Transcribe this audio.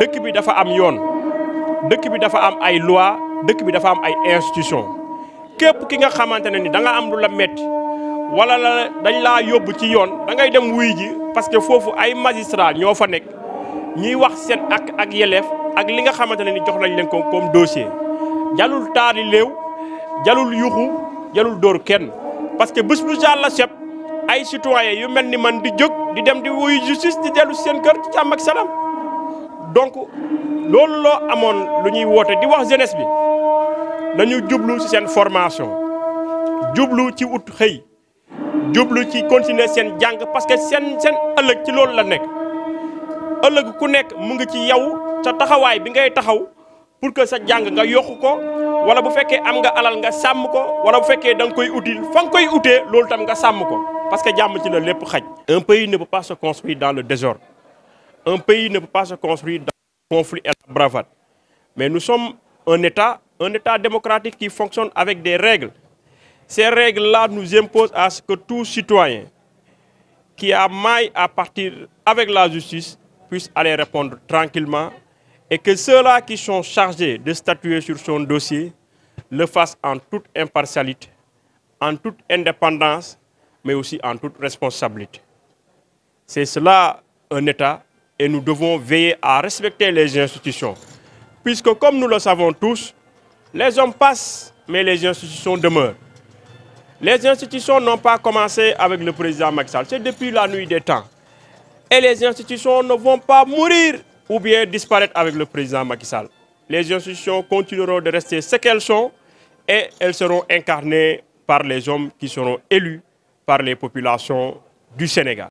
dëkk bi dafa am yoon dëkk bi dafa am ay loi dëkk bi dafa am ay institution képp ki nga xamantene ni da nga am lu la metti wala la dañ laa yóbbu ci yoon da ngay dem wuy ji parce que foofu ay magistrat ñoo fa nekk ñuy wax seen ak ak yelef ak li nga xamantene ni jox nañ leen ko comme dossier jalul taari léew jalul yuxu jalul dóor kenn parce que bés bu jàll sep ay citoyen yu mel ni man di jóg di dem di wuyu justice di dellu seen kër ci salam donc lolo qui est luñuy di wax jeunesse bi jublu ci une formation jublu ci out jublu ci continuer sen parce que sen sen ci la nek ëllëg ku nek mu ngi ci yaw ta bi ngay pour que sa jang nga yokku ko wala bu fekkee am nga alal nga sam ko wala bu koy parce que ci un pays ne peut pas se construire dans le désordre. Un pays ne peut pas se construire dans le conflit et la bravade. Mais nous sommes un État, un État démocratique qui fonctionne avec des règles. Ces règles-là nous imposent à ce que tout citoyen qui a maille à partir avec la justice puisse aller répondre tranquillement et que ceux-là qui sont chargés de statuer sur son dossier le fassent en toute impartialité, en toute indépendance, mais aussi en toute responsabilité. C'est cela un État et nous devons veiller à respecter les institutions. Puisque comme nous le savons tous, les hommes passent, mais les institutions demeurent. Les institutions n'ont pas commencé avec le président Macky c'est depuis la nuit des temps. Et les institutions ne vont pas mourir ou bien disparaître avec le président Macky Sall. Les institutions continueront de rester ce qu'elles sont et elles seront incarnées par les hommes qui seront élus par les populations du Sénégal.